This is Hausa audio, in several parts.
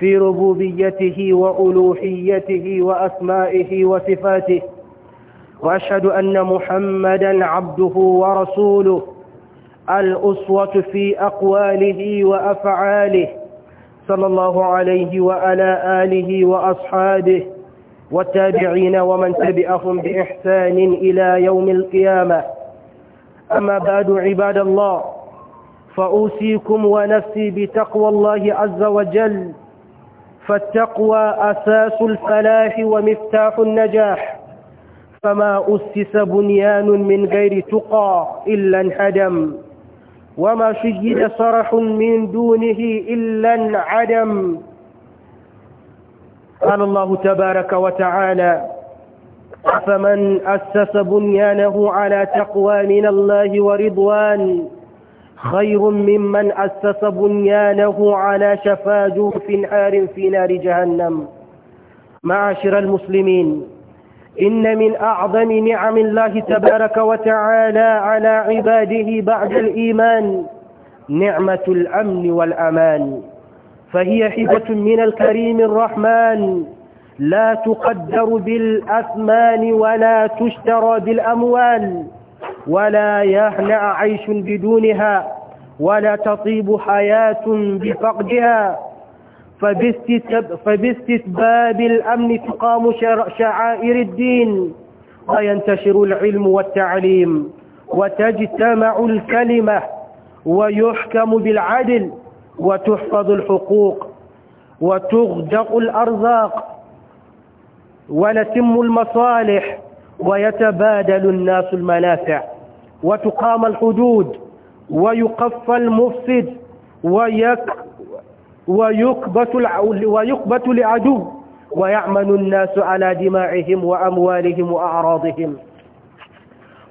في ربوبيته وألوحيته وأسمائه وصفاته وأشهد أن محمدا عبده ورسوله الأسوة في أقواله وأفعاله صلى الله عليه وعلى آله وأصحابه والتابعين ومن تبعهم بإحسان إلى يوم القيامة أما بعد عباد الله فأوصيكم ونفسي بتقوى الله عز وجل فالتقوى أساس الفلاح ومفتاح النجاح فما أسس بنيان من غير تقى إلا انهدم وما شيد صرح من دونه إلا انعدم قال الله تبارك وتعالى فمن أسس بنيانه على تقوى من الله ورضوان خير ممن أسس بنيانه على شفا جوف عار في نار جهنم معاشر المسلمين إن من أعظم نعم الله تبارك وتعالى على عباده بعد الإيمان نعمة الأمن والأمان فهي حبة من الكريم الرحمن لا تقدر بالأثمان ولا تشترى بالأموال ولا يهنأ عيش بدونها ولا تطيب حياة بفقدها فباستتباب الأمن تقام شعائر الدين وينتشر العلم والتعليم وتجتمع الكلمة ويحكم بالعدل وتحفظ الحقوق وتغدق الأرزاق ونتم المصالح ويتبادل الناس المنافع وتقام الحدود ويقف المفسد ويك ويكبت, ويكبت لعدو ويعمل الناس على دماعهم وأموالهم وأعراضهم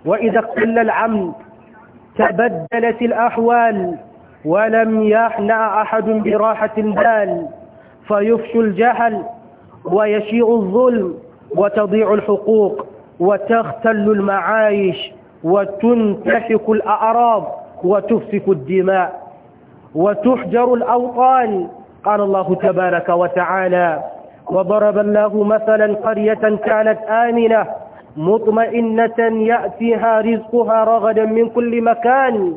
وإذا قل العمل تبدلت الأحوال ولم يحنى أحد براحة بال فيفشو الجهل ويشيع الظلم وتضيع الحقوق وتختل المعايش وتنتحك الأعراض وتفسك الدماء وتحجر الأوطان قال الله تبارك وتعالى وضرب الله مثلا قرية كانت آمنة مطمئنة يأتيها رزقها رغدا من كل مكان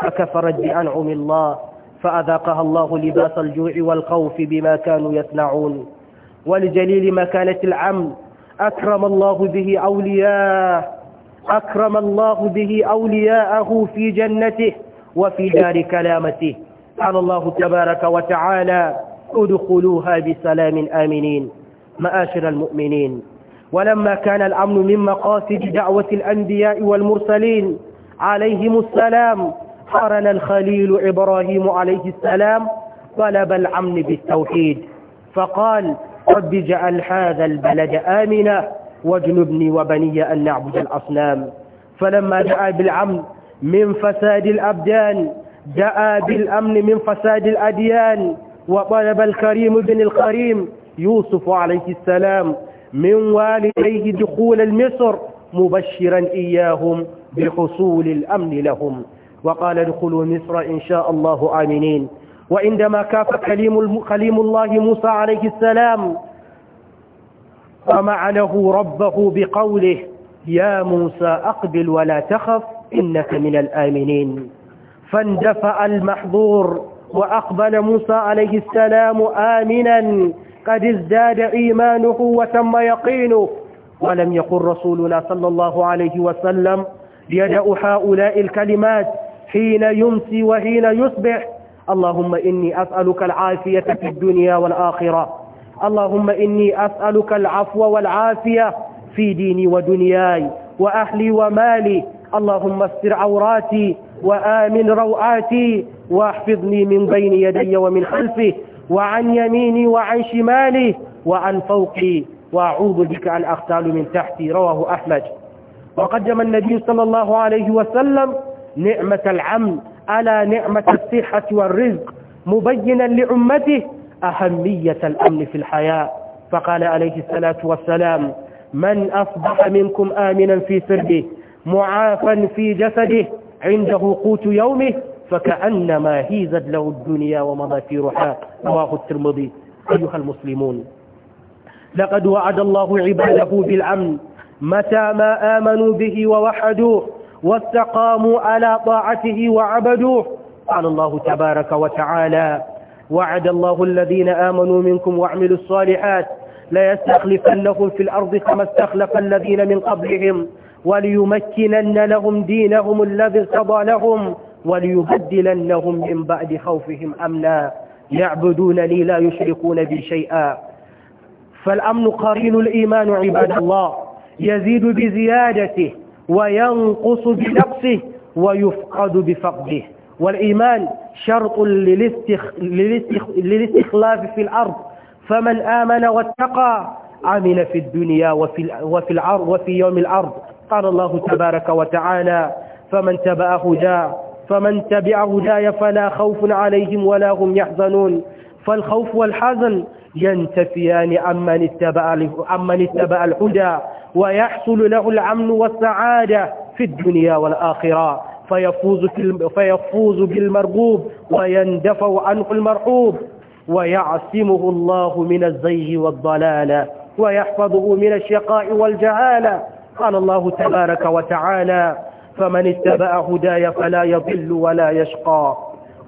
فكفرت بأنعم الله فأذاقها الله لباس الجوع والخوف بما كانوا يصنعون ولجليل مكانة العمد أكرم الله به أولياءه أكرم الله به أولياءه في جنته وفي دار كلامته قال الله تبارك وتعالى ادخلوها بسلام آمنين مآشر المؤمنين ولما كان الأمن من مقاصد دعوة الأنبياء والمرسلين عليهم السلام قرن الخليل إبراهيم عليه السلام طلب الأمن بالتوحيد فقال رب اجعل هذا البلد آمنا واجنبني وبني أن نعبد الأصنام فلما دعا بالعمل من فساد الأبدان دعا بالأمن من فساد الأديان وطلب الكريم بن الكريم يوسف عليه السلام من والديه دخول مصر مبشرا إياهم بحصول الأمن لهم وقال ادخلوا مصر إن شاء الله آمنين وعندما كاف كليم, كليم الله موسى عليه السلام له ربه بقوله يا موسى أقبل ولا تخف إنك من الآمنين فاندفع المحظور وأقبل موسى عليه السلام آمنا قد ازداد إيمانه وتم يقينه ولم يقل رسولنا صلى الله عليه وسلم يدأ هؤلاء الكلمات حين يمسي وحين يصبح اللهم إني أسألك العافية في الدنيا والآخرة اللهم إني أسألك العفو والعافية في ديني ودنياي وأهلي ومالي اللهم استر عوراتي وآمن روعاتي واحفظني من بين يدي ومن خلفي وعن يميني وعن شمالي وعن فوقي وأعوذ بك أن أختال من تحتي رواه أحمد وقدم النبي صلى الله عليه وسلم نعمة العمد ألا نعمة الصحة والرزق مبينا لأمته أهمية الأمن في الحياة فقال عليه الصلاة والسلام من أصبح منكم آمنا في سربه معافا في جسده عنده قوت يومه فكأنما هيزت له الدنيا ومضى في رحاه رواه الترمذي أيها المسلمون لقد وعد الله عباده بالأمن متى ما آمنوا به ووحدوه واستقاموا على طاعته وعبدوه قال الله تبارك وتعالى وعد الله الذين آمنوا منكم وعملوا الصالحات ليستخلفنهم في الأرض كما استخلف الذين من قبلهم وليمكنن لهم دينهم الذي ارتضى لهم وليبدلنهم من بعد خوفهم أمنا يعبدونني لا يشركون بي شيئا فالأمن قرين الإيمان عباد الله يزيد بزيادته وينقص بنقصه ويفقد بفقده والإيمان شرط للاستخلاف في الأرض فمن آمن واتقى عمل في الدنيا وفي, وفي, العرض وفي يوم الأرض قال الله تبارك وتعالى فمن تبع هداي فمن تبع هداي فلا خوف عليهم ولا هم يحزنون فالخوف والحزن ينتفيان عمن اتبع عمن اتبع الهدى ويحصل له الامن والسعاده في الدنيا والاخره فيفوز فيفوز بالمرغوب ويندفع عنه المرحوب ويعصمه الله من الزيغ والضلال ويحفظه من الشقاء والجهاله قال الله تبارك وتعالى فمن اتبع هداي فلا يضل ولا يشقى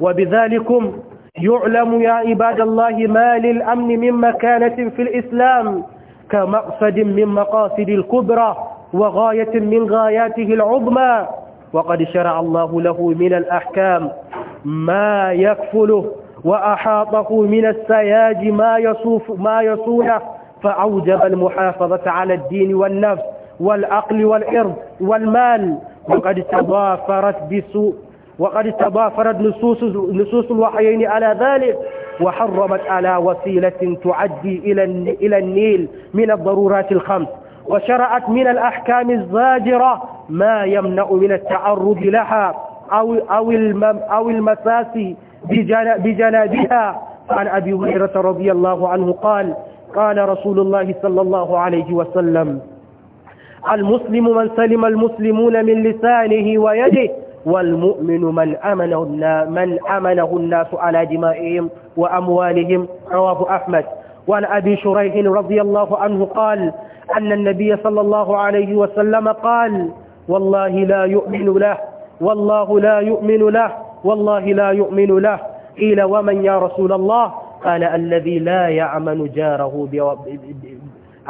وبذلكم يعلم يا عباد الله ما للأمن من مكانة في الإسلام كمقصد من مقاصد الكبرى وغاية من غاياته العظمى وقد شرع الله له من الأحكام ما يكفله وأحاطه من السياج ما يصوف ما يصونه فأوجب المحافظة على الدين والنفس والعقل والإرض والمال وقد تضافرت بسوء وقد تضافرت نصوص, نصوص الوحيين على ذلك وحرمت على وسيلة تعدي إلى إلى النيل من الضرورات الخمس وشرعت من الأحكام الزاجرة ما يمنع من التعرض لها أو, أو, المم أو المساس بجنابها عن أبي هريرة رضي الله عنه قال قال رسول الله صلى الله عليه وسلم المسلم من سلم المسلمون من لسانه ويده والمؤمن من أمنه من أمنه الناس على دمائهم وأموالهم رواه أحمد وعن أبي شريح رضي الله عنه قال أن النبي صلى الله عليه وسلم قال والله لا يؤمن له والله لا يؤمن له والله لا يؤمن له قيل ومن يا رسول الله قال الذي لا يعمل جاره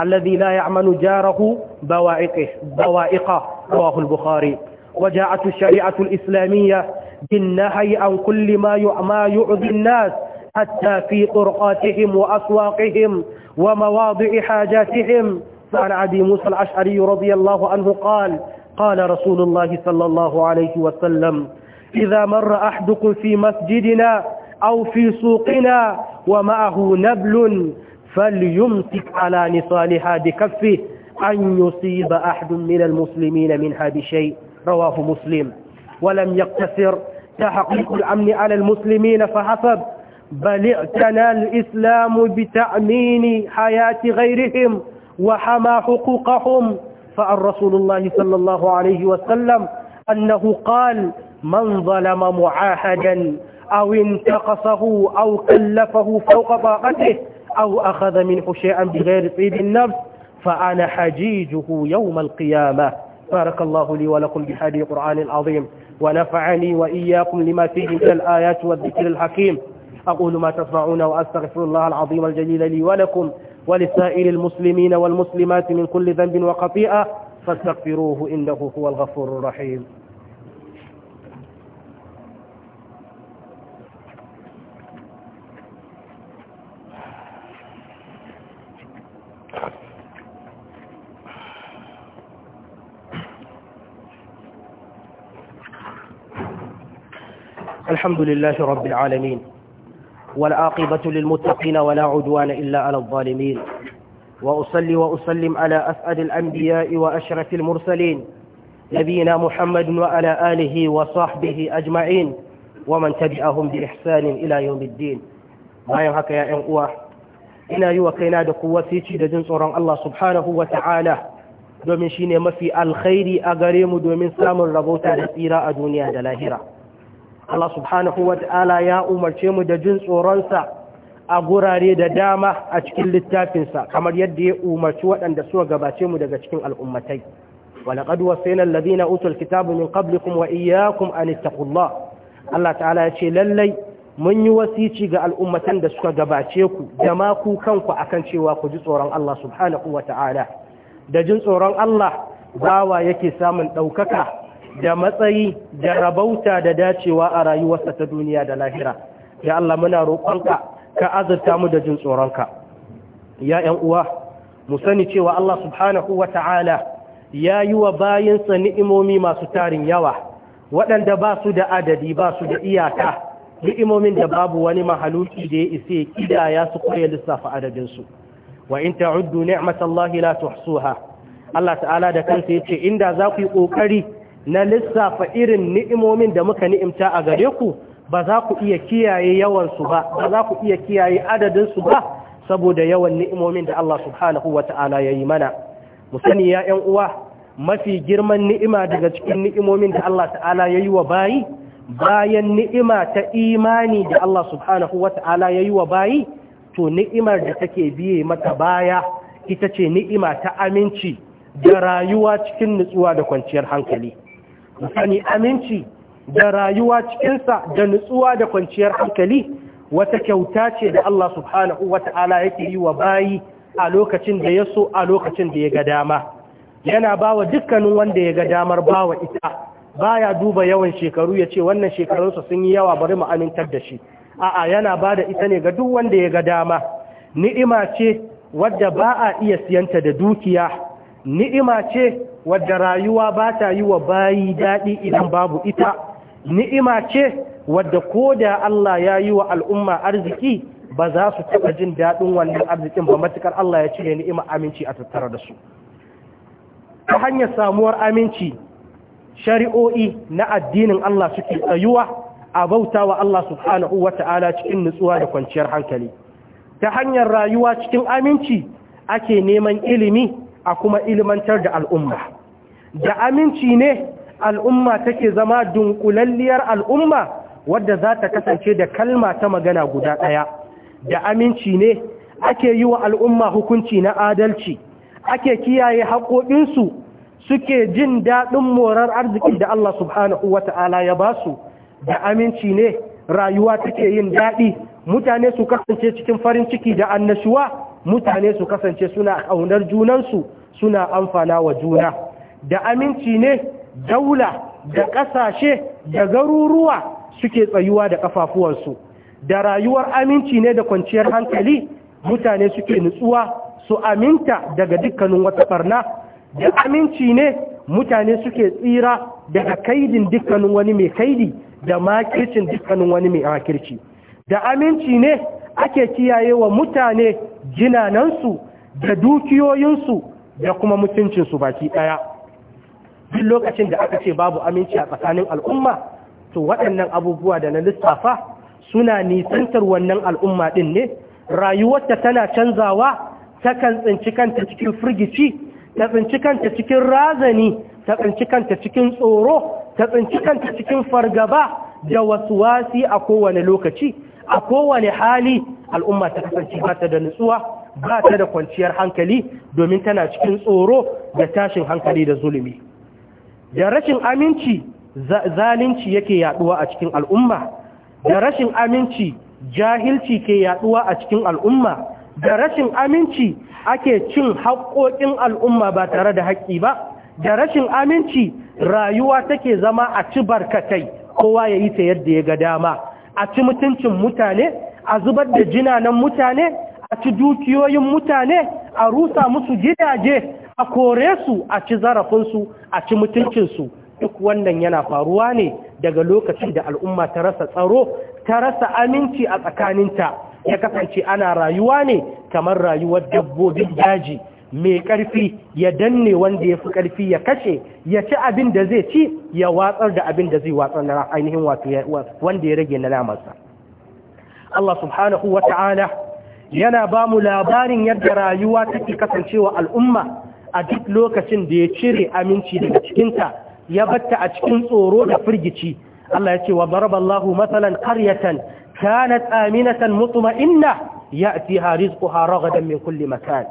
الذي لا يعمل جاره بوائقه بوائقه رواه البخاري وجاءت الشريعة الإسلامية بالنهي عن كل ما ما يؤذي الناس حتى في طرقاتهم وأسواقهم ومواضع حاجاتهم فعن عدي موسى الأشعري رضي الله عنه قال قال رسول الله صلى الله عليه وسلم إذا مر أحدكم في مسجدنا أو في سوقنا ومعه نبل فليمسك على نصالها بكفه أن يصيب أحد من المسلمين منها بشيء رواه مسلم ولم يقتصر تحقيق الأمن على المسلمين فحسب بل اعتنى الإسلام بتأمين حياة غيرهم وحمى حقوقهم فان رسول الله صلى الله عليه وسلم أنه قال من ظلم معاهدا أو انتقصه أو كلفه فوق طاقته أو أخذ منه شيئا بغير طيب النفس فأنا حجيجه يوم القيامة بارك الله لي ولكم بهذه القرآن العظيم ونفعني وإياكم لما فيه من الآيات والذكر الحكيم أقول ما تسمعون وأستغفر الله العظيم الجليل لي ولكم ولسائر المسلمين والمسلمات من كل ذنب وخطيئة فاستغفروه إنه هو الغفور الرحيم الحمد لله رب العالمين والعاقبة للمتقين ولا عدوان إلا على الظالمين وأصلي وأسلم على أسعد الأنبياء وأشرف المرسلين نبينا محمد وعلى آله وصحبه أجمعين ومن تبعهم بإحسان إلى يوم الدين ما ينهك يا أنقوة إنا يوكينا دقوة تجد صورا الله سبحانه وتعالى domin shine mafi alkhairi a gare mu domin samun rabota da tsira a duniya da lahira Allah subhanahu wa ta'ala ya umarce mu da jin tsoronsa a gurare da dama a cikin littafinsa kamar yadda ya umarci waɗanda suka gabace mu daga cikin al'ummatai ولقد وصينا الذين أوتوا الكتاب من قبلكم وإياكم أن Allah ta'ala ya ce lallai mun yi wasici ga al'ummatan da suka gabace ku da ma ku kanku akan cewa ku ji tsoron Allah subhanahu wataala da jin tsoron Allah bawa yake samun daukaka da matsayi da rabauta da dacewa a rayuwarsa ta duniya da lahira ya Allah muna roƙonka ka azurta mu da jin tsoronka ya ƴan uwa mu sani cewa Allah subhanahu wata'ala ya yi wa bayinsa ni'imomi masu tarin yawa waɗanda ba su da adadi ba su da iyaka ni'imomin da babu wani mahaluki da ya ya kidaya su koya lissafa adadinsu wa in ta'uddu ni'matallahi la tuhsuha Allah ta'ala da kansa yace inda za ku yi kokari na lissafa irin ni'imomin da muka ni'imta a gare ku ba za ku iya kiyaye yawansu ba ba za ku iya kiyaye adadinsu ba saboda yawan ni'imomin da Allah subhanahu wa ta'ala ya yi mana musani ya yan uwa mafi girman ni'ima daga cikin ni'imomin da Allah ta'ala ya yi wa bayi bayan ni'ima ta imani da Allah subhanahu wa ta'ala ya yi wa bayi to ni'imar da take biye mata baya ita ce ni'ima ta aminci da rayuwa cikin nutsuwa da kwanciyar hankali sani aminci da rayuwa cikinsa da nutsuwa da kwanciyar hankali wata kyauta ce da Allah subhanahu wa ta'ala yake yi wa bayi a lokacin da ya so a lokacin da ya ga dama yana bawa wa dukkanin wanda ya ga damar ba wa ita baya duba yawan shekaru ya ce wannan shekarunsa sun yi yawa bari mu amintar da shi a'a yana ba da ita ne ga duk wanda ya ga dama ni'ima ce wadda ba a iya siyanta da dukiya ni'ima ce wadda rayuwa ba ta yi wa bayi daɗi idan babu ita ni'ima ce wadda ko da Allah ya yi wa al'umma arziki ba za su taɓa jin daɗin wannan arzikin ba matuƙar Allah ya cire ni'ima aminci a tattara da su ta hanyar samuwar aminci shari'o'i na addinin Allah suke tsayuwa a bauta wa Allah subhanahu wa ta'ala cikin nutsuwa da kwanciyar hankali ta hanyar rayuwa cikin aminci ake neman ilimi a kuma ilmantar da al'umma da aminci ne al'umma take zama dunkulalliyar al'umma wadda za ta kasance da kalma ta magana guda ɗaya da aminci ne ake yi wa al'umma hukunci na adalci ake kiyaye haƙoƙinsu suke jin daɗin morar arziki da Allah subhanahu wa ta'ala ya ba su da aminci ne rayuwa take yin daɗi mutane su kasance cikin farin ciki da annashuwa mutane su kasance suna kaunar junansu suna amfana wa juna da aminci ne daula da ƙasashe da garuruwa suke tsayuwa da ƙafafuwansu da rayuwar aminci ne da kwanciyar hankali mutane suke nutsuwa su aminta daga dukkanin wata barna da aminci ne mutane suke tsira daga kaidin dukkanin wani mai kaidi da makircin dukkanin wani mai makirci da aminci ne ake kiyaye wa mutane jinanansu da dukiyoyinsu da kuma mutuncinsu baki ɗaya duk lokacin da aka ce babu aminci a tsakanin al'umma to waɗannan abubuwa da na lissafa suna nisantar wannan al'umma ɗin ne rayuwarta tana canzawa ta kan tsinci kanta cikin firgici ta tsinci kanta cikin razani ta tsinci kanta cikin tsoro ta tsinci kanta cikin fargaba da wasu wasi a kowane lokaci a kowane hali al'umma ta kasance ba da nutsuwa ba ta da kwanciyar hankali domin tana cikin tsoro da tashin hankali da zulumi da rashin aminci zalunci yake yaduwa a cikin al'umma da rashin aminci jahilci ke yaduwa a cikin al'umma da rashin aminci ake cin haƙoƙin al'umma ba tare da haƙƙi ba da rashin aminci rayuwa take zama a ci barkatai kowa ya yi ta yadda ya ga dama a ci mutuncin mutane a zubar da jinanan mutane a ci dukiyoyin mutane a rusa musu gidaje a kore su a ci zarafinsu a ci mutuncinsu duk wannan yana faruwa ne daga lokacin da al'umma ta rasa tsaro ta rasa aminci a tsakaninta ya kasance ana rayuwa ne kamar rayuwar dabbobin daji mai ƙarfi ya danne wanda ya fi ƙarfi ya kashe ya ci abin da zai ci ya watsar da abin da zai watsar na ainihin wanda ya rage na namansa Allah subhanahu wa ta'ala yana ba mu labarin yadda rayuwa take kasancewa al'umma a duk lokacin da ya cire aminci daga cikinta ya batta a cikin tsoro da firgici Allah ya ce wa baraballahu matsalan karyatan kanat aminatan inna, ya fi ha rizquha ragadan min kulli makan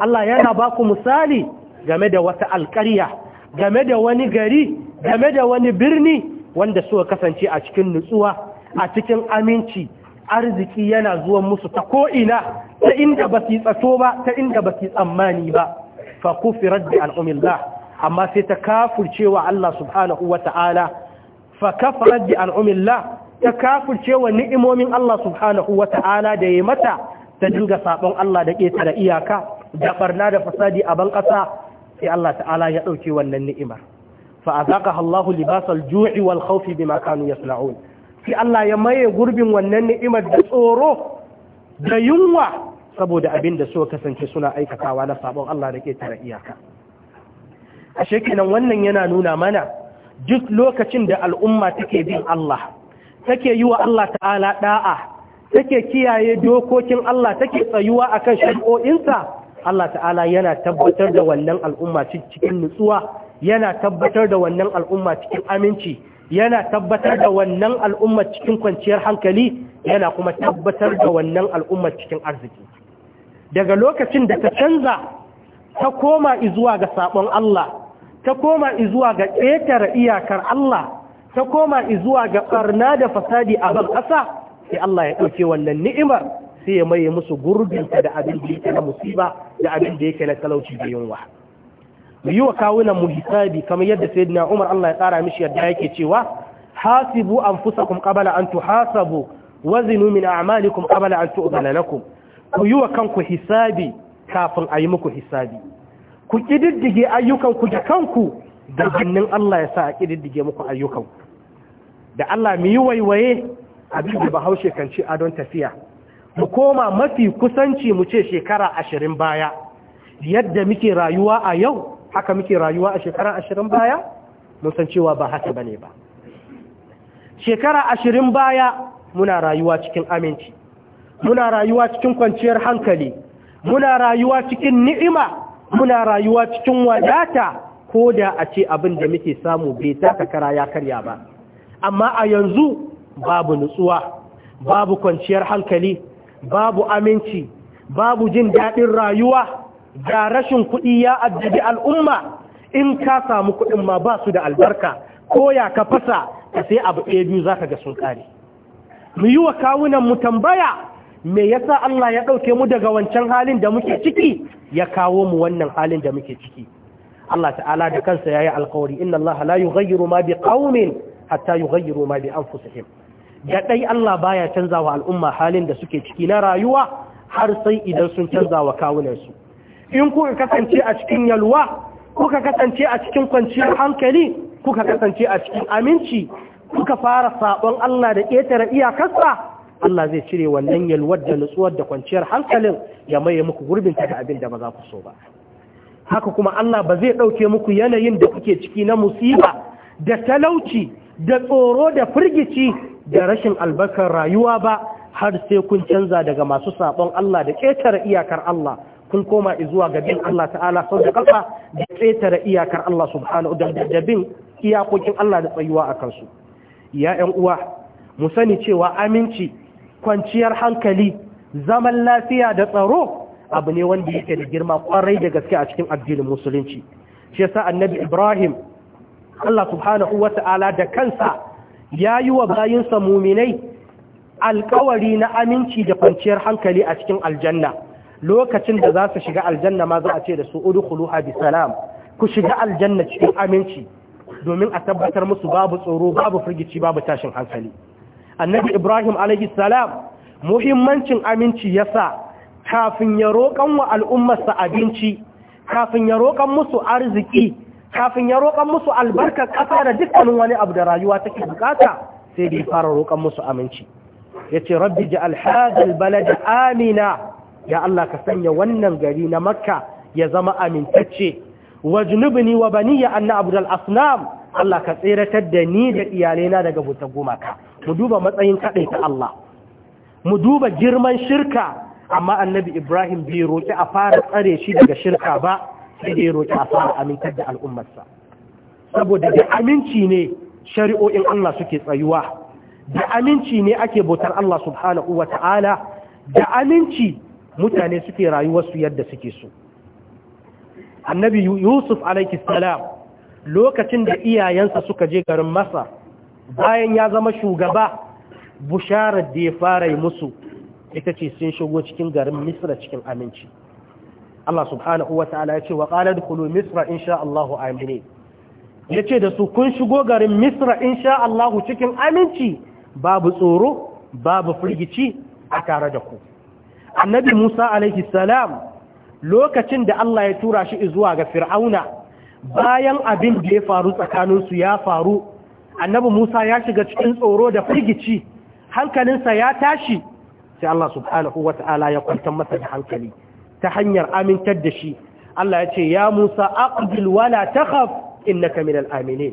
Allah yana ba ku misali game da wata alƙarya game da wani gari game da wani birni wanda suka kasance a cikin nutsuwa a cikin aminci arziki yana zuwan musu ta ko'ina ta inda ba su tsato ba ta inda ba su tsammani ba fa kufirar da al'umillah amma sai ta kafurcewa Allah subhanahu wa ta'ala fa kafarar da al'umillah ta kafurcewa ni'imomin Allah subhanahu wa ta'ala da ya mata ta dinga sabon Allah da ƙetare iyaka da barna da fasadi a bankasa sai Allah ta'ala ya ɗauke wannan ni'imar fa azaqaha Allahu libasal ju'i wal khawfi bima kanu yasna'un sai Allah ya maye gurbin wannan ni'imar da tsoro da yunwa saboda abin da so kasance suna aikatawa na sabon Allah da ke tara iyaka ashe kenan wannan yana nuna mana duk lokacin da al'umma take bin Allah take yi wa Allah ta'ala da'a take kiyaye dokokin Allah take tsayuwa akan shari'o'insa Allah ta'ala yana tabbatar da wannan al'umma cikin nutsuwa yana tabbatar da wannan al'umma cikin aminci yana tabbatar da wannan al'umma cikin kwanciyar hankali yana kuma tabbatar da wannan al'umma cikin arziki daga lokacin da ta canza ta koma izuwa ga sabon Allah ta koma izuwa ga ƙetare iyakar Allah ta koma izuwa ga ƙarna da fasadi a ban ƙasa sai Allah ya ɗauke wannan ni'imar sai ya maye musu gurbinta da abin da yake na musiba da abin da yake na talauci da yunwa mu yi wa kawunan mu hisabi kamar yadda sayyidina Umar Allah ya tsara mishi yadda yake cewa hasibu anfusakum qabla an tuhasabu wazinu min a'malikum qabla an tu'dala lakum ku yi wa kanku hisabi kafin a yi muku hisabi ku kididdige ayyukanku da kanku da hannun Allah ya sa a kididdige muku ayyukan. da Allah mu yi waiwaye abin da bahaushe kan ci adon tafiya mu koma mafi kusanci mu ce shekara ashirin baya yadda muke rayuwa a yau haka muke rayuwa a shekara ashirin baya mun san cewa ba haka bane ba shekara ashirin baya muna rayuwa cikin aminci muna rayuwa cikin kwanciyar hankali muna rayuwa cikin ni'ima muna rayuwa cikin wadata ko da a ce abin da muke samu bai taka kara ya karya ba amma a yanzu babu nutsuwa babu kwanciyar hankali babu aminci babu jin daɗin rayuwa ga rashin kuɗi ya addabi al'umma in ka samu kuɗin ma ba su da albarka ko ya ka fasa ka sai abu ɗaya biyu za ka ga sun ƙare mu yi wa kawunan mu tambaya me yasa Allah ya ɗauke mu daga wancan halin da muke ciki ya kawo mu wannan halin da muke ciki Allah ta'ala da kansa ya yi alkawari inna Allah la yughayyiru ma bi biqaumin hatta yughayyiru ma bi anfusihim da ɗai Allah baya canza wa al'umma halin da suke ciki na rayuwa har sai idan sun canza wa kawunansu in kuka kasance a cikin yalwa kuka kasance a cikin kwanciyar hankali kuka kasance a cikin aminci kuka fara saɓon Allah da ƙetare iyakarsa Allah zai cire wannan yalwar da nutsuwar da kwanciyar hankalin ya maye muku gurbin ta da abin da ba za ku so ba haka kuma Allah ba zai ɗauke muku yanayin da kuke ciki na musiba da talauci da tsoro da firgici da rashin albarkar rayuwa ba har sai kun canza daga masu sabon Allah da ƙetare iyakar Allah kun koma zuwa ga bin Allah ta'ala sau da ƙasa da ƙetare iyakar Allah subhanahu da bin iyakokin Allah da tsayuwa a kansu Ya'yan uwa mu sani cewa aminci kwanciyar hankali zaman lafiya da tsaro abu ne wanda yake da girma kwarai da gaske a cikin addinin musulunci shi yasa annabi Ibrahim Allah subhanahu ta'ala da kansa ya yi wa bayinsa muminai alkawari na aminci da kwanciyar hankali a cikin aljanna lokacin da za su shiga aljanna ma za a ce da su udkhuluha bi salam ku shiga aljanna cikin aminci domin a tabbatar musu babu tsoro babu firgici babu tashin hankali annabi ibrahim alaihi salam muhimmancin aminci yasa kafin ya roƙan wa al'ummarsa abinci kafin ya roƙon musu arziki kafin ya roƙan musu albarkar ƙasa da dukkanin wani abu da rayuwa take bukata sai da ya fara roƙan musu aminci ya ce rabbi ji alhazal balada amina ya Allah ka sanya wannan gari na makka ya zama amintacce wajnubni wa baniya anna abdul asnam Allah ka tseratar da ni da iyalena daga buta gumaka mu duba matsayin kadai ta Allah mu duba girman shirka amma annabi Ibrahim bai roki a fara tsare shi daga shirka ba sai ya roƙi a fara amintar da al'ummarsa saboda da aminci ne shari'o'in Allah suke tsayuwa da aminci ne ake bautar Allah subhanahu wa ta'ala da aminci mutane suke rayuwarsu yadda suke so annabi yusuf alaihi salam lokacin da iyayensa suka je garin masar bayan ya zama shugaba busharar da ya fara yi musu ita ce sun shigo cikin garin misra cikin aminci Allah subhanahu wa ta'ala ya ce wa qala dkhulu misra insha Allahu aminin ce da su kun shigo garin misra insha Allahu cikin aminci babu tsoro babu firgici a tare da ku annabi Musa alaihi salam lokacin da Allah ya tura shi zuwa ga fir'auna bayan abin da ya faru tsakaninsu ya faru annabi Musa ya shiga cikin tsoro da firgici hankalinsa ya tashi sai Allah subhanahu ta'ala ya kwantar masa da hankali ta hanyar amintar da shi Allah ya ce ya Musa aqbil wala takhaf innaka minal aminin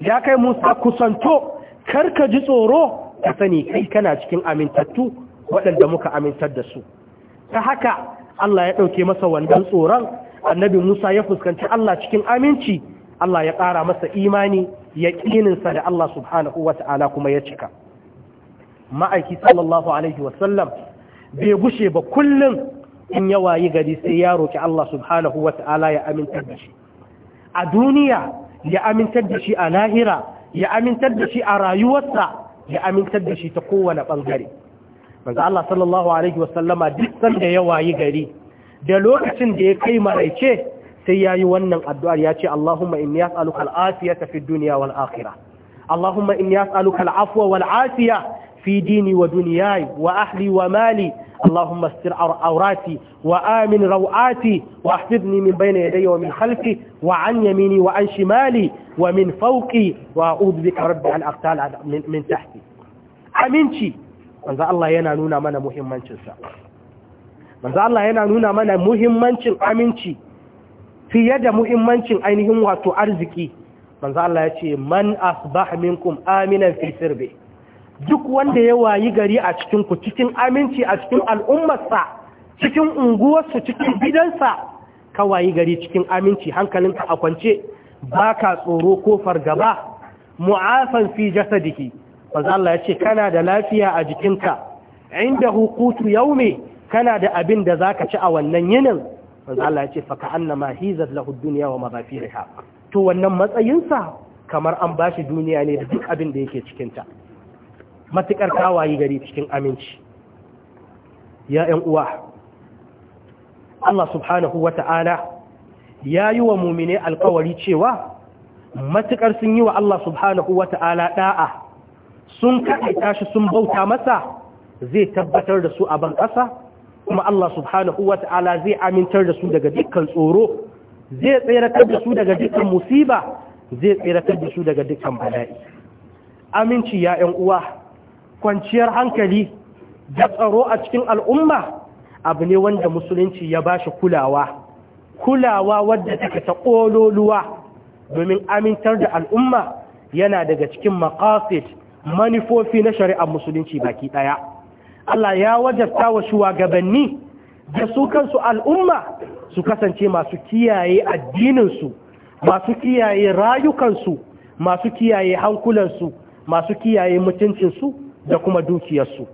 ya kai Musa kusanto karka ji tsoro ka sani kai kana cikin amintattu waɗanda muka amintar da su ta haka Allah ya ɗauke masa wannan tsoron annabi Musa ya fuskanci Allah cikin aminci Allah ya ƙara masa imani yaƙininsa da Allah subhanahu wa ta'ala kuma ya cika ma'aiki sallallahu alaihi wasallam bai gushe ba kullum in ya wayi gari sai ya roki Allah subhanahu wata'ala ya amintar da shi a duniya ya amintar da shi a lahira ya amintar da shi a rayuwarsa ya amintar da shi ta kowane bangare manzo Allah sallallahu alaihi wasallama duk sanda ya wayi gari da lokacin da ya kai maraice sai yayi wannan addu'ar ya ce Allahumma inni as'aluka al-afiyata fi dunya wal akhirah Allahumma inni as'aluka al-afwa wal afiya fi dini wa dunyai wa ahli wa mali اللهم استر عوراتي وآمن روعاتي واحفظني من بين يدي ومن خلفي وعن يميني وعن شمالي ومن فوقي وأعوذ بك ربي أن أغتال من تحتي aminci manzo Allah yana nuna mana muhimmancinsa manzo Allah yana nuna mana muhimmancin aminci fiye da muhimmancin ainihin wato arziki manzo Allah ya ce man asbah minkum aminan fi sirbi duk wanda ya wayi gari a cikinku cikin aminci a cikin al'ummarsa cikin unguwarsu cikin gidansa ka wayi gari cikin aminci hankalinka a kwance ka tsoro ko fargaba mu'afan fi jasadiki wanzu Allah ya ce kana da lafiya a jikinka inda hukutu yaume kana da abin da za ka ci a wannan yinin wanzu Allah ya ce fa ka'annama hizat lahu duniya wa ma to wannan matsayinsa kamar an bashi duniya ne da duk abin da yake cikinta matuƙar kawayi gari cikin aminci ya ‘yan uwa Allah subhanahu wa ta'ala ya yi wa mumine alkawari cewa matuƙar sun yi wa Allah subhanahu wa ta'ala ɗa'a sun kaɗa tashi sun bauta masa zai tabbatar da su a ban ƙasa kuma Allah subhanahu wa ta'ala zai amintar da su daga dukkan tsoro zai tseratar da su daga dukkan musiba zai tseratar da su daga dukkan bala'i aminci ya ‘yan uwa kwanciyar hankali da tsaro a cikin al'umma abu ne wanda musulunci ya ba shi kulawa kulawa wadda take ta ƙololuwa domin amintar da al'umma yana daga cikin makasit manufofi na shari'ar musulunci baki ɗaya Allah ya wajabta wa shugabanni da su kansu al'umma su kasance masu kiyaye addininsu masu kiyaye rayukansu masu kiyaye hankulansu masu kiyaye mutuncinsu da kuma dukiyarsu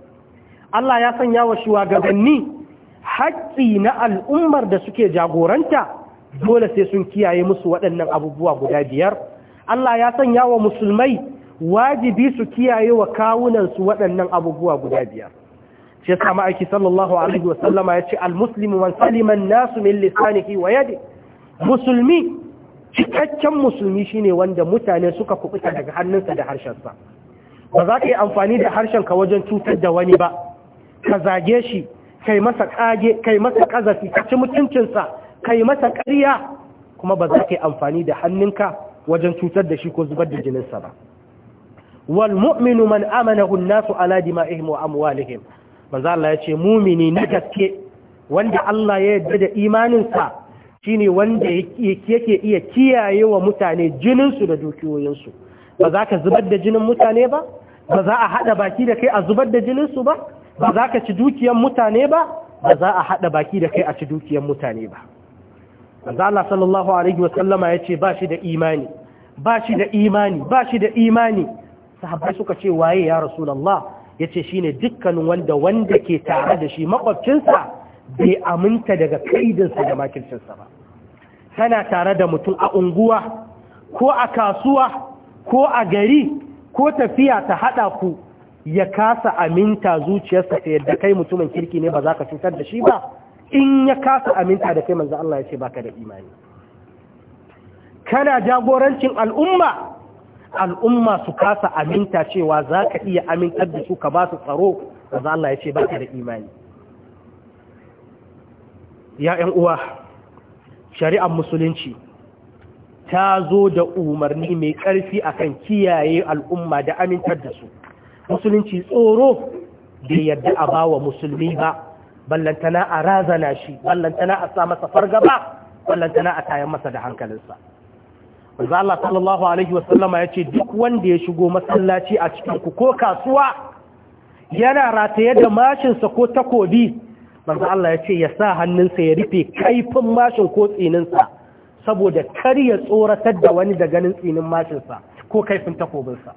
Allah ya sanya wa shugabanni haƙƙi na al'ummar da suke jagoranta dole sai sun kiyaye musu waɗannan abubuwa guda biyar Allah ya sanya wa musulmai wajibi su kiyaye wa kawunansu waɗannan abubuwa guda biyar shi sami aiki sallallahu alaihi wasallama ya ce almuslimu man saliman nasu min lisanihi wa yadi musulmi cikakken musulmi shine wanda mutane suka kuɓuta daga hannunsa da harshensa ba za ka yi amfani da harshen ka wajen cutar da wani ba ka zage shi kai masa kage kai masa kazafi ka ci mutuncinsa kai masa ƙarya kuma ba za ka yi amfani da hannunka wajen cutar da shi ko zubar da jininsa ba wal mu'minu man amana hun nasu ala dima'ihim wa amwalihim manzo Allah ya ce mumini na gaske wanda Allah ya yarda da imaninsa shine wanda yake iya kiyaye wa mutane jininsu da dukiyoyinsu ba za ka zubar da jinin mutane ba ba za a haɗa baki da kai a zubar da jininsu ba ba za ka ci dukiyar mutane ba ba za a haɗa baki da kai a ci dukiyar mutane ba Allah sallallahu alaihi wasallama ya ce ba shi da imani ba shi da imani ba shi da imani sahabbai suka ce waye ya allah ya ce shi ne dukkanin wanda wanda ke tare da shi makwabcinsa bai aminta daga kaidinsa da makircinsa ba tana tare da mutum a unguwa ko a kasuwa ko a gari ko tafiya ta haɗa ku ya kasa aminta zuciyarsa ta yadda kai mutumin kirki ne ba za ka cutar da shi ba in ya kasa aminta da kai manzo Allah ya ce baka da imani kana jagorancin al'umma al'umma su kasa aminta cewa za ka iya amintar da su ka ba su tsaro manzo Allah ya ce baka da imani ya uwa shari'ar musulunci ta zo da umarni mai ƙarfi a kan kiyaye al'umma da amintar da su musulunci tsoro bai yarda a ba wa musulmi ba ballantana a razana shi ballantana a sa masa fargaba ballantana a tayan masa da hankalinsa wanzu Allah sallallahu Alaihi wasallama ya ce duk wanda ya shigo masallaci a cikinku ko kasuwa yana rataye da mashinsa ko takobi wanzu Allah ya ce ya sa hannunsa ya rufe kaifin mashin ko tsininsa saboda kar ya tsoratar da wani da ganin tsinin mashinsa ko kaifin takobinsa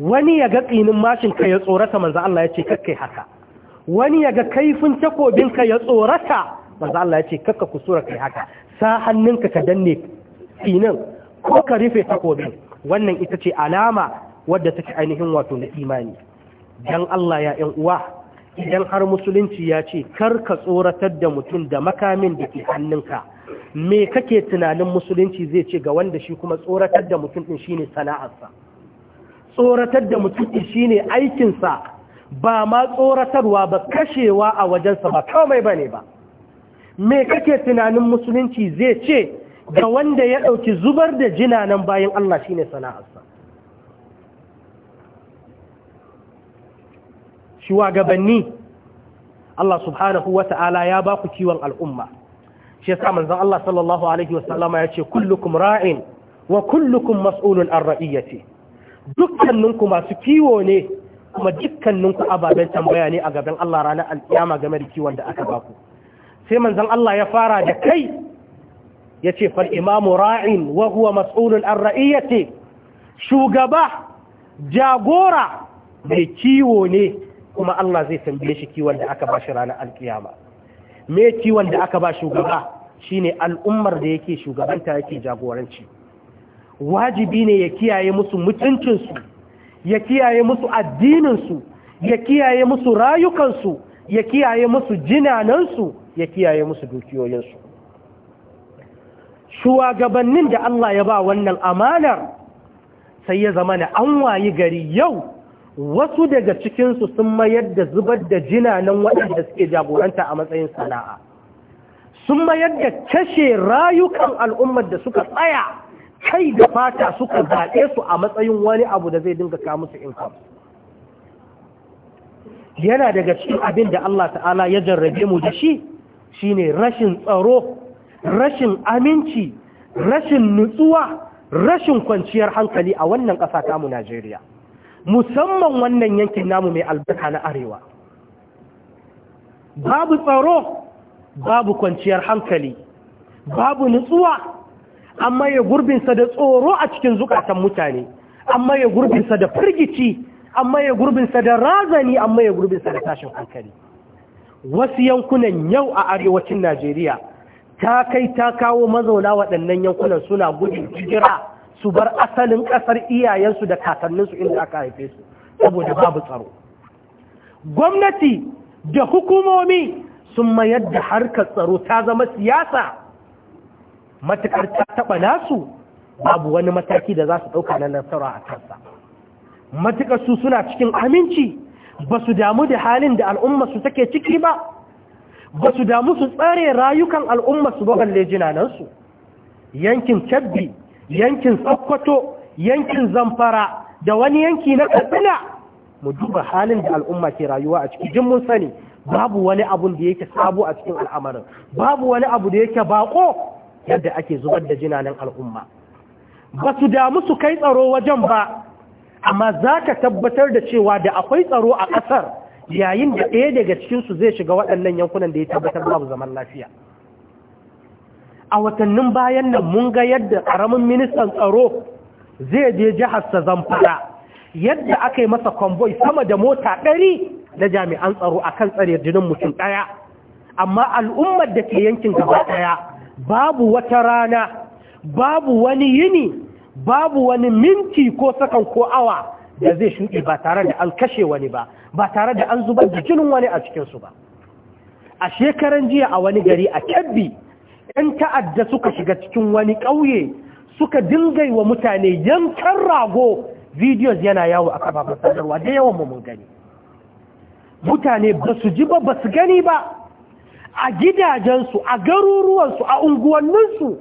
wani ya ga tsinin mashinka ya tsorata manzo Allah ya ce kakkai haka wani ya ga kaifin takobinka ya tsorata manzo Allah ya ce kakka kusura kai haka sa hannunka ka danne tsinin ko ka rufe takobin wannan ita ce alama wadda take ainihin wato na imani dan Allah ya 'yan uwa idan har musulunci ya ce kar ka tsoratar da mutum da makamin da ke hannunka me kake tunanin musulunci zai ce ga wanda shi kuma tsoratar da mutum din shine sana'arsa tsoratar da mutum din shine aikinsa ba ma tsoratarwa ba kashewa a wajensa ba komai bane ba me kake tunanin musulunci zai ce ga wanda ya ɗauki zubar da jinanan bayan Allah shine sana'arsa shugabanni Allah subhanahu wa ta'ala ya ba ku kiwon al'umma shi yasa manzon Allah sallallahu alaihi wa sallama ya ce kullukum ra'in wa kullukum mas'ulun an ra'iyyati dukkaninku masu kiwo ne kuma dukkaninku ababen tambaya ne a gaban Allah ranar alkiyama game da kiwon da aka ba ku sai manzon Allah ya fara da kai ya ce fal imamu ra'in wa huwa mas'ulun an ra'iyyati shugaba jagora mai kiwo ne kuma Allah zai tambaye shi kiwon da aka bashi ranar alkiyama me kiwon da aka ba shugaba shine al'ummar da yake shugabanta yake jagoranci wajibi ne ya kiyaye musu mutuncinsu ya kiyaye musu addininsu ya kiyaye musu rayukansu ya kiyaye musu jinanansu ya kiyaye musu dukiyoyinsu shugabannin da Allah ya ba wannan amanar sai ya zama na an wayi gari yau wasu daga cikinsu sun mayar da zubar da jina nan waɗanda suke jagoranta a matsayin sana'a sun mayar da kashe rayukan al'ummar da suka tsaya kai da fata suka zaɓe su a matsayin wani abu da zai dinga kawo musu income yana daga cikin abin da Allah ta'ala ya jarrabe mu da shi shine rashin tsaro rashin aminci rashin nutsuwa rashin kwanciyar hankali a wannan ƙasa tamu Najeriya musamman wannan yankin namu mai albarka na arewa babu tsaro babu kwanciyar hankali babu nutsuwa amma ya gurbinsa da tsoro a cikin zukatan mutane amma ya gurbinsa da firgici amma ya gurbinsa da razani amma ya gurbinsa da tashin hankali wasu yankunan yau a arewacin najeriya ta kai ta kawo mazauna waɗannan yankunan suna gudun jira su bar asalin ƙasar iyayensu da kakanninsu inda aka haife su saboda babu tsaro gwamnati da hukumomi sun mayar da harkar tsaro ta zama siyasa Matukar ta taɓa nasu babu wani mataki da za su ɗauka na nasara a kansa Matukar su suna cikin aminci ba su damu da halin da al'umma su take ciki ba ba su damu su tsare rayukan al'umma su, ba balle jinanansu yankin cabbi yankin tsakkwato yankin zamfara da wani yanki na katsina mu duba halin da al'umma ke rayuwa a ciki jin mun sani babu wani abun da yake sabo a cikin al'amarin babu wani abu da yake baƙo yadda ake zubar da jinanin al'umma ba su damu su kai tsaro wajen ba amma za ka tabbatar da cewa da akwai tsaro a ƙasar yayin da ɗaya daga cikinsu zai shiga waɗannan yankunan da ya tabbatar babu zaman lafiya a watannin bayan nan mun ga yadda ƙaramin ministan tsaro zai je jihar sa zamfara yadda aka yi masa kwamboi sama da mota ɗari na jami'an tsaro a kan tsare jinin mutum ɗaya amma al'ummar da ke yankin gaba ɗaya babu wata rana babu wani yini babu wani minti ko sakan ko awa da zai shuɗi ba tare da an kashe wani ba ba tare da an zubar da jinin wani a cikinsu ba a shekaran jiya a wani gari a kyabbi. ‘yan ta'adda suka shiga cikin wani ƙauye suka dingai wa mutane yankan rago videos yana yawo a kafafen sadarwa da yawan mun gani mutane ba su ji ba ba su gani ba a gidajensu a garuruwansu a unguwanninsu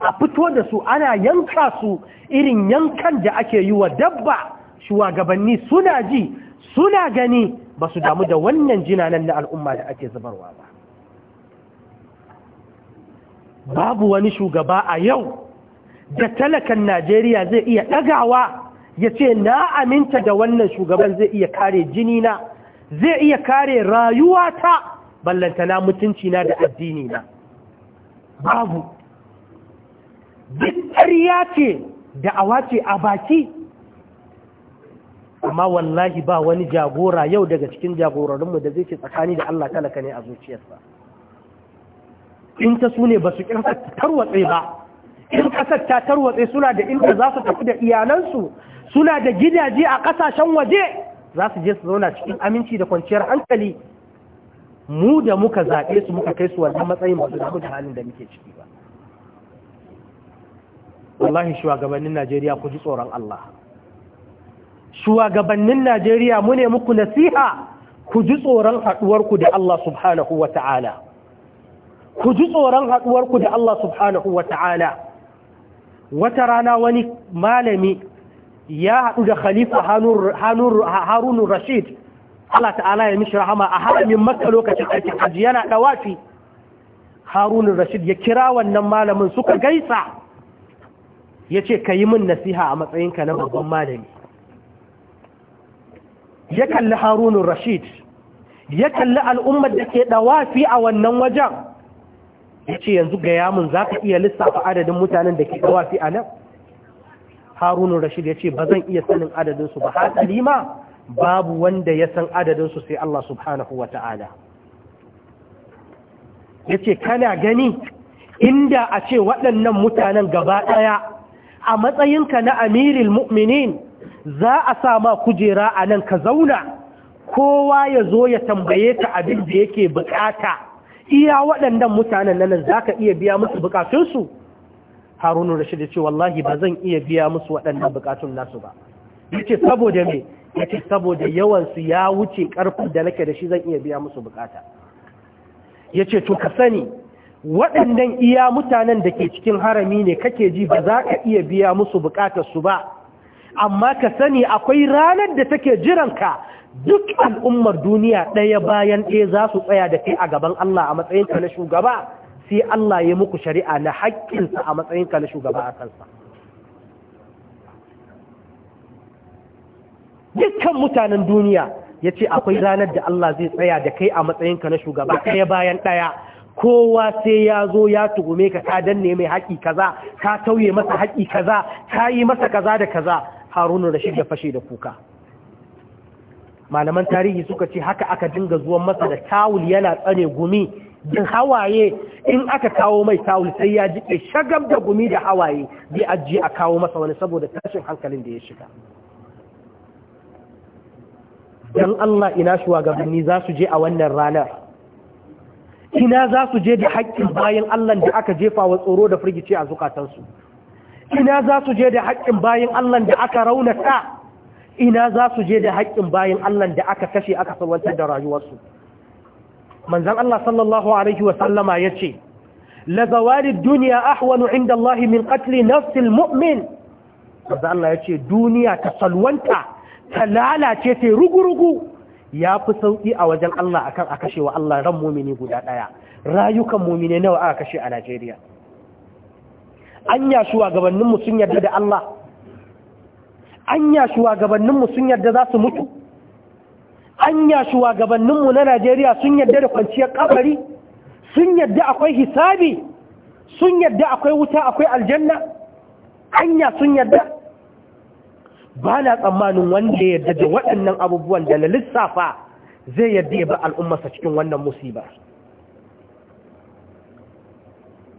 a fito da su ana yanka su irin yankan da ake yi wa dabba shugabanni suna ji suna gani ba su damu da wannan jinanan na al'umma da ake zubarwa ba babu wani shugaba a yau da talakan najeriya zai iya ɗagawa ya ce na aminta da wannan shugaban zai iya kare jinina zai iya kare rayuwata ballantana na da addini na babu duk ƙarya ce da ce a baki amma wallahi ba wani jagora yau daga cikin jagorarinmu da zai ce tsakani da Allah talaka ne a zuciyarsa in ta su ne ba su tarwatse ba in ƙasar ta tarwatse suna da inda za su tafi da iyalansu suna da gidaje a ƙasashen waje za su je su zauna cikin aminci da kwanciyar hankali mu da muka zaɓe su muka kai su wannan matsayin masu su damu da halin da muke ciki ba wallahi shugabannin najeriya ku ji tsoron allah shugabannin najeriya mu ne muku nasiha ku ji tsoron haɗuwarku da allah subhanahu wa ta'ala ku ji tsoron haɗuwarku da Allah subhanahu wa ta'ala wata rana wani malami ya haɗu da khalifa Harun rashid Allah ta'ala ya mishi rahama a haramin makka lokacin aikin hajji yana ɗawafi Harun rashid ya kira wannan malamin suka gaisa ya ce ka yi min nasiha a matsayinka na babban malami ya kalli Harun rashid ya kalli al'ummar da ke ɗawafi a wannan wajen ya ce yanzu ga yamun za ka iya lissafa adadin mutanen da ke dawafi a nan harunun rashid ya ce ba zan iya sanin adadinsu ba hatsari ma babu wanda ya san adadinsu sai Allah subhanahu wa ta'ala ya ce kana gani inda a ce waɗannan mutanen gaba ɗaya a matsayinka na amiril mu'minin za a sama kujera a nan ka zauna kowa ya zo ya tambaye ta abin da yake bukata iya waɗannan mutanen nan za ka iya biya musu bukatunsu harunu rashid ya ce wallahi ba zan iya biya musu waɗannan bukatun nasu ba ya ce saboda me ya ce saboda yawansu ya wuce ƙarfin da nake da shi zan iya biya musu bukata ya ce to ka sani waɗannan iya mutanen da ke cikin harami ne kake ji ba za ka iya biya musu bukatarsu ba amma ka sani akwai ranar da take jiranka duk al'ummar duniya ɗaya bayan ɗaya za su tsaya da kai a gaban Allah a matsayinka na shugaba sai Allah ya muku shari'a na haƙƙinsa a matsayinka na shugaba a kansa dukkan mutanen duniya ya ce akwai ranar da Allah zai tsaya da kai a matsayinka na shugaba ɗaya bayan ɗaya kowa sai ya zo ya tuhume ka ka danne mai haƙi kaza ka tauye masa haƙi kaza ka yi masa kaza da kaza harunu rashid ya fashe da kuka malaman tarihi suka ce haka aka dinga zuwan masa da tawul yana tsane gumi din hawaye in aka kawo mai tawul sai ya jiƙe shagab da gumi da hawaye zai ajiye a kawo masa wani saboda tashin hankalin da ya shiga dan Allah ina shugabanni za su je a wannan ranar ina za su je da hakkin bayan Allah da aka jefa wa tsoro da firgici a zukatansu ina za su je da haƙƙin bayan Allah da aka raunata ina za su je da haƙƙin bayan Allah da aka kashe aka salwantar da rayuwarsu manzan Allah sallallahu alaihi wa sallama yace la zawali dunya ahwanu inda Allah min qatli nafsil mu'min manzan Allah yace duniya ta salwanta ta lalace ta rugurugu ya fi sauƙi a wajen Allah akan a kashe Allah ran mumini guda ɗaya rayukan mumine nawa aka kashe a Najeriya anya shugabanninmu sun yadda da Allah anya shugabanninmu sun yadda za su mutu anya shugabanninmu na Najeriya sun yadda da kwanciyar kabari sun yadda akwai hisabi sun yadda akwai wuta akwai aljanna anya sun yadda! ba na tsammanin wanda ya yadda da waɗannan abubuwan da na lissafa zai yadda ya ba al'ummarsa cikin wannan musibar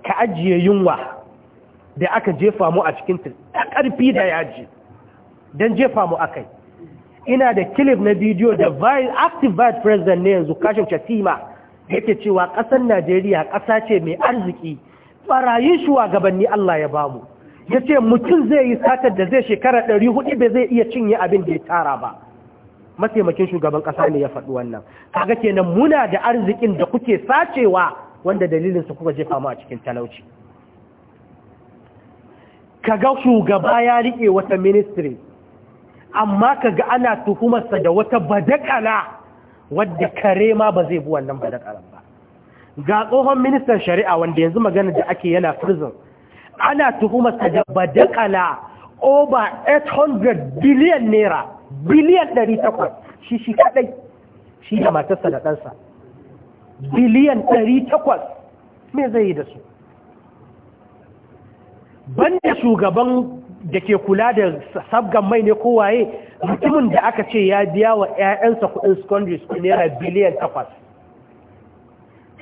ka ajiye yunwa da aka jefa mu a cikin ta ƙarfi da yaji don jefa mu akai ina da kilif na bidiyo da active vice president ne yanzu kashin shatima yake cewa ƙasar najeriya ƙasa ce mai arziki ɓarayin shugabanni allah ya bamu ya ce mutum zai yi satar da zai shekara ɗari hudu bai zai iya cinye abin da ya tara ba mataimakin shugaban ƙasa ne ya faɗi wannan kaga kenan muna da arzikin da kuke sacewa wanda dalilinsa kuka jefa mu a cikin talauci ka ga shugaba ya riƙe wata ministry amma ka ga ana tuhumarsa da wata badakala wadda kare ma ba zai bi wannan badakala ba ga tsohon ministan shari'a wanda yanzu magana da ake yana prison ana tuhumarsa da badakala over 800 biliyan naira biliyan 800 shi shi kadai shi da matarsa da ɗansa biliyan 800 me zai yi da su banda shugaban da ke kula da sabgan mai ne kowaye mutumin da aka ce ya biya wa 'ya'yansa kudin secondary school naira biliyan takwas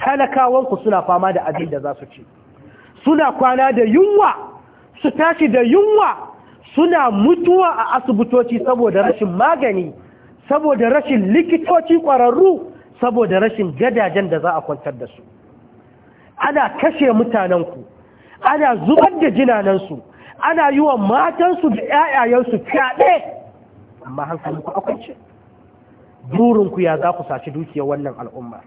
talakawanku suna fama da abin da za su ci suna kwana da yunwa su tashi da yunwa suna mutuwa a asibitoci saboda rashin magani saboda rashin likitoci kwararru saboda rashin gadajen da za a kwantar da su ana kashe mutanenku ana zubar da jinanansu ana yi wa matansu da ‘ya'yayensu fyaɗe amma ku akwai ce burinku ya za ku saci dukiyar wannan al'umma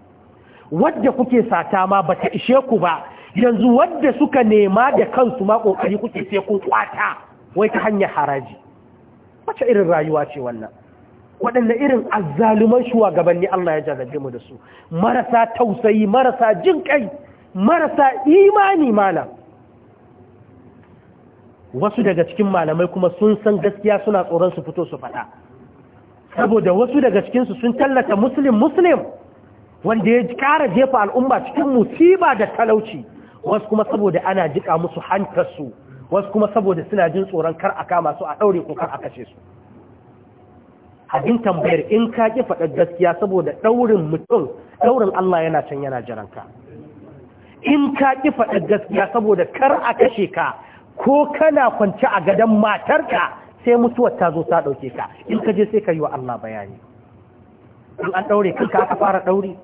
wadda kuke sata ma ba ta ishe ku ba yanzu wadda suka nema da kansu ma ƙoƙari kuke sai kun kwata wai ta hanyar haraji wace irin rayuwa ce wannan waɗanda irin azzaluman shugabanni Allah ya jarabe mu da su marasa tausayi marasa jin kai marasa imani malam wasu daga cikin malamai kuma sun san gaskiya suna tsoron su fito su faɗa saboda wasu daga cikinsu sun tallata muslim muslim wanda ya kara jefa al'umma cikin musiba da talauci wasu kuma saboda ana jika musu hantarsu wasu kuma saboda suna jin tsoron kar a kama su a ɗaure ko kar a kashe su abin tambayar in ka ƙi faɗar gaskiya saboda ɗaurin mutum ɗaurin Allah yana can yana jiranka in ka ƙi faɗar gaskiya saboda kar a kashe ka ko kana kwance a gadon matarka sai mutuwar ta zo ta ɗauke ka in ka je sai ka yi wa Allah bayani in an ɗaure kanka aka fara ɗauri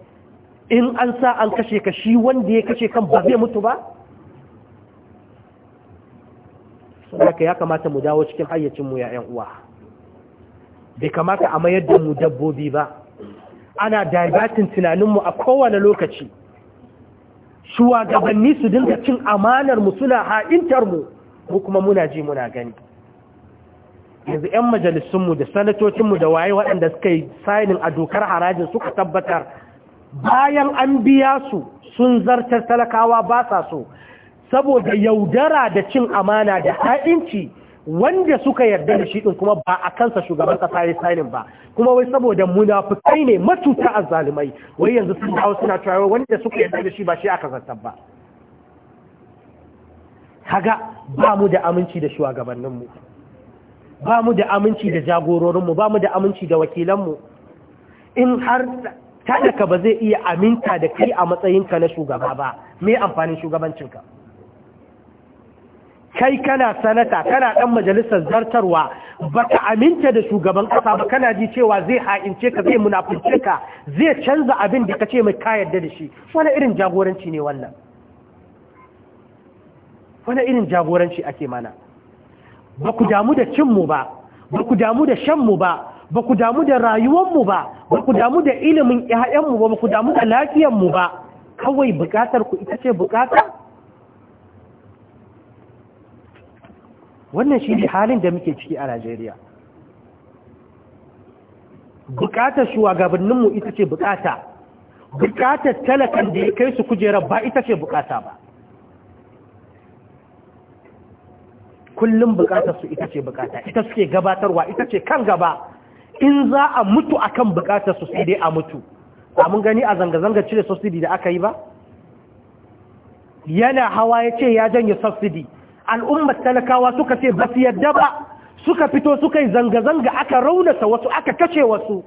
in an sa an kashe ka shi wanda ya kashe kan ba zai mutu ba saboda ya kamata mu dawo cikin hayyacinmu ya 'yan uwa bai kamata a mayar da mu dabbobi ba ana tunanin tunaninmu a kowane lokaci shugabanni su dinga cin amanar mu suna ha'intar mu ko kuma muna ji muna gani yanzu 'yan majalisunmu da sanatocinmu da waye waɗanda suka yi sainin a dokar harajin suka tabbatar bayan an biya su sun zartar talakawa ba sa so saboda yaudara da cin amana da haɗinci wanda suka yarda da shi ɗin kuma ba a kansa shugaban ƙasa ya sainin ba kuma wai saboda munafukai ne matuta azzalumai wai yanzu sun dawo suna cewa wanda suka yarda da shi ba shi aka zartar ba kaga ba mu da aminci da shugabanninmu ba mu da aminci da jagororinmu ba mu da aminci da wakilanmu in har ka ba zai iya aminta da kai a matsayinka na shugaba ba mai amfanin shugabancinka kai kana sanata kana ɗan majalisar zartarwa ba ka aminta da shugaban ƙasa ba kana ji cewa zai ha'ince ka zai munafince ka zai canza abin da ka ce mai ka yarda da shi wani irin jagoranci ne wannan wani irin jagoranci ake mana ba ku damu da cinmu ba ba ku damu da shanmu ba ba ku damu da rayuwanmu ba ba ku damu da ilimin ƴaƴanmu ba ba ku damu da lafiyanmu ba kawai buƙatar ku ita ce buƙata. wannan shi ne halin da muke ciki a Najeriya bukatar shugabanninmu ita ce buƙata buƙatar talakan da ya kai su kujerar ba ita ce buƙata ba kullum bukatar su ita ce bukata ita suke gabatarwa ita ce kan gaba in za a mutu akan bukatar su sai dai a mutu a mun gani a zanga-zanga cire subsidy da aka yi ba yana hawa ya ce ya janye subsidy al'ummar talakawa suka ce ba su yadda ba suka fito suka yi zanga-zanga aka raunata wasu aka kashe wasu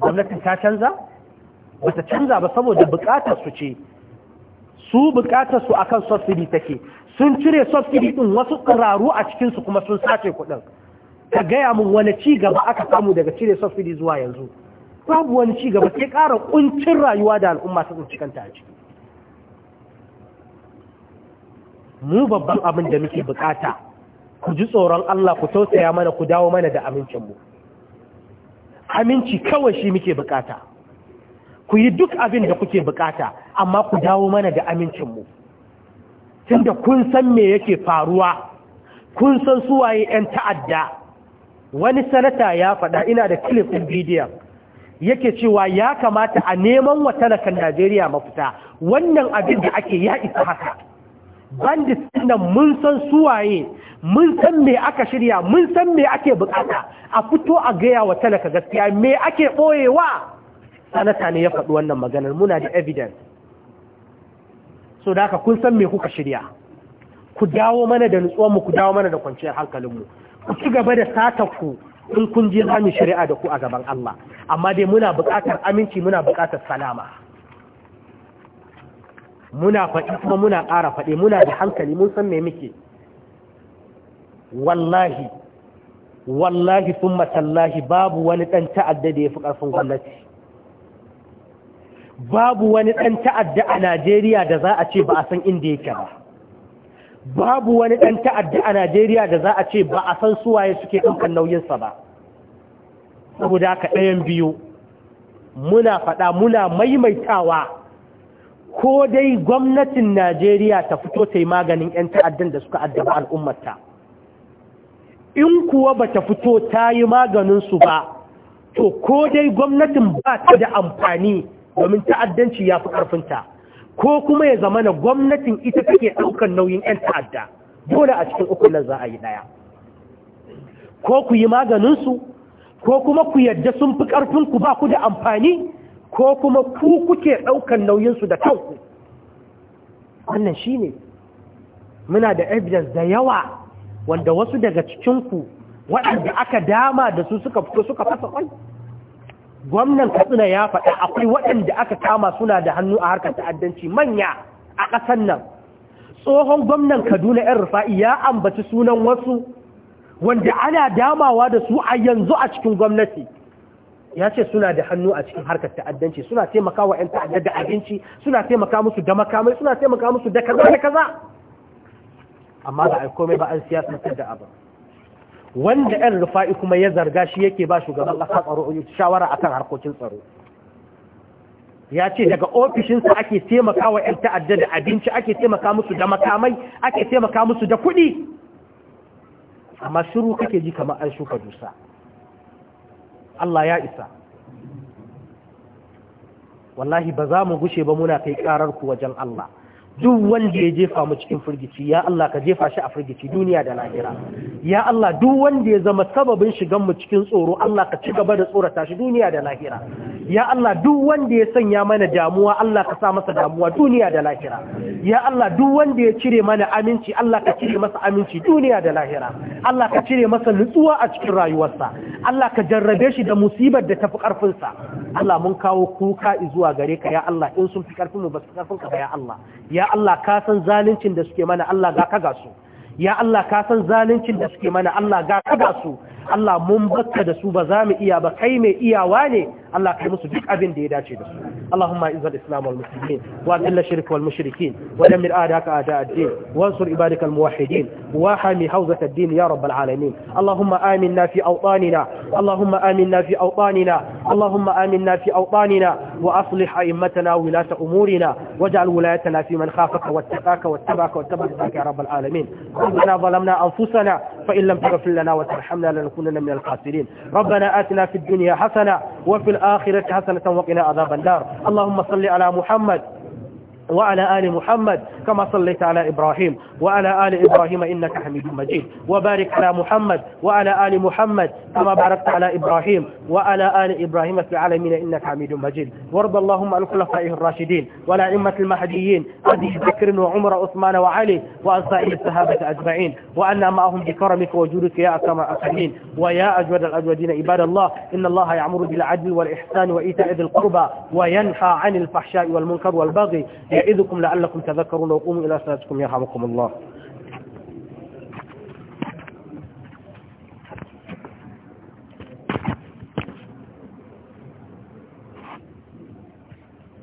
gwamnatin ta canza ba ta canza ba saboda bukatar su ce su bukatar su akan subsidy take sun cire subsidy din wasu ƙararu a cikinsu kuma sun sace kuɗin ka gaya mun wani ci gaba aka samu daga cire subsidy zuwa yanzu babu wani ci gaba sai ƙara ƙuncin rayuwa da al'umma su tsinci kanta a ciki mu babban abin da muke bukata ku ji tsoron Allah ku tausaya mana ku dawo mana da amincinmu aminci kawai shi muke bukata ku yi duk abin da kuke bukata amma ku dawo mana da amincinmu tunda kun san me yake faruwa kun san suwaye 'yan ta'adda wani sanata ya faɗa ina da clip ɗin bidiyon yake cewa ya kamata a neman watanakan Najeriya mafita wannan abin da ake ya isa haka Bandit nan mun san suwaye mun san me aka shirya mun san me ake bukata a fito a gaya wa talaka gaskiya me ake ɓoyewa sanata ne ya faɗi wannan maganar muna da evidence so da haka kun san me kuka shirya ku dawo mana da mu ku dawo mana da kwanciyar hankalin mu. ku ci gaba da sata ku in kun ji zamu shari'a da ku a gaban Allah amma dai muna buƙatar aminci muna buƙatar salama muna faɗi kuma muna ƙara faɗi muna da hankali mun san me muke wallahi wallahi sun matallahi babu wani ɗan ta'adda da ya fi ƙarfin gwamnati babu wani ɗan ta'adda a Najeriya da za a ce ba a san inda yake ba babu wani ɗan ta'adda a Najeriya da za a ce ba a san suwaye suke ɗaukar nauyinsa ba saboda haka ɗayan biyu muna faɗa muna maimaitawa ko dai gwamnatin Najeriya ta fito ta yi maganin 'yan ta'addan da suka addaba al'ummata in kuwa ba ta fito ta yi maganinsu ba to ko dai gwamnatin ba ta da amfani domin ta'addanci ya fi ƙarfinta ko kuma ya zama na gwamnatin ita take ɗaukar nauyin 'yan ta'adda dole a cikin uku nan za a yi ɗaya ko ku yi maganinsu ko kuma ku yadda sun fi ƙarfinku ba ku da amfani ko kuma ku kuke ɗaukar nauyinsu da kanku wannan shi ne muna da evidence da yawa wanda wasu daga cikinku waɗanda aka dama da su suka fito suka fasa kwai gwamnan katsina ya faɗa akwai waɗanda aka kama suna da hannu a harkar ta'addanci manya a ƙasar nan tsohon gwamnan kaduna yan rufa'i ya ambaci sunan wasu wanda ana damawa da su a yanzu a cikin gwamnati ya ce suna da hannu a cikin harkar ta'addanci suna taimaka wa 'yan ta'addar da abinci suna taimaka musu da makamai suna taimaka musu da kaza da kaza amma ba a komai ba an siyasa da abin wanda 'yan rufa'i kuma ya zarga shi yake ba shugaban ƙasa tsaro shawara akan harkokin tsaro ya ce daga ofishinsa ake taimaka wa 'yan ta'adda da abinci ake taimaka musu da makamai ake taimaka musu da kuɗi amma shiru kake ji kamar an shuka dusa Allah ya isa wallahi ba za mu gushe ba muna kai ƙararku wajen Allah duk wanda ya jefa mu cikin firgici ya Allah ka jefa shi a firgici duniya da lahira ya Allah duk wanda ya zama sababin shigan mu cikin tsoro Allah ka ci gaba da tsorata shi duniya da lahira ya Allah duk wanda ya sanya mana damuwa Allah ka sa masa damuwa duniya da lahira ya Allah duk wanda ya cire mana aminci Allah ka cire masa aminci duniya da lahira Allah ka cire masa nutsuwa a cikin rayuwarsa Allah ka jarrabe shi da musibar da tafi karfin sa Allah mun kawo kuka zuwa gare ka ya Allah in sun fi karfin mu ba su karfin ka ba ya Allah ya ya Allah ka san zaluncin da suke mana Allah ga ka gasu ya Allah ka san zaluncin da suke mana Allah ga ka gasu Allah mun bakka da su ba za mu iya ba kai mai iyawa ne Allah kai musu duk abin da ya dace da su اللهم اعز الاسلام والمسلمين واذل الشرك والمشركين ودمر اعداءك اعداء الدين وانصر عبادك الموحدين واحمي حوزه الدين يا رب العالمين اللهم امنا في اوطاننا اللهم امنا في اوطاننا اللهم امنا في اوطاننا واصلح ائمتنا وولاة امورنا واجعل ولايتنا في من خافك واتقاك واتبعك واتبعك يا رب العالمين ربنا ظلمنا انفسنا فإن لم تغفر لنا وترحمنا لنكونن من الخاسرين ربنا آتنا في الدنيا حسنة وفي الآخرة حسنة وقنا عذاب النار اللهم صل على محمد وعلى آل محمد كما صليت على إبراهيم وعلى آل إبراهيم إنك حميد مجيد وبارك على محمد وعلى آل محمد كما باركت على إبراهيم وعلى آل إبراهيم في العالمين إنك حميد مجيد وارض اللهم عن خلفائه الراشدين والأئمة المهديين أبي بكر وعمر وعثمان وعلي وعن سائر الصحابة أجمعين وأنا معهم بكرمك وجودك يا أكرم الأكرمين ويا أجود الأجودين عباد الله إن الله يعمر بالعدل والإحسان وإيتاء ذي القربى وينهى عن الفحشاء والمنكر والبغي يعظكم لعلكم تذكرون وقوموا إلى صلاتكم يرحمكم الله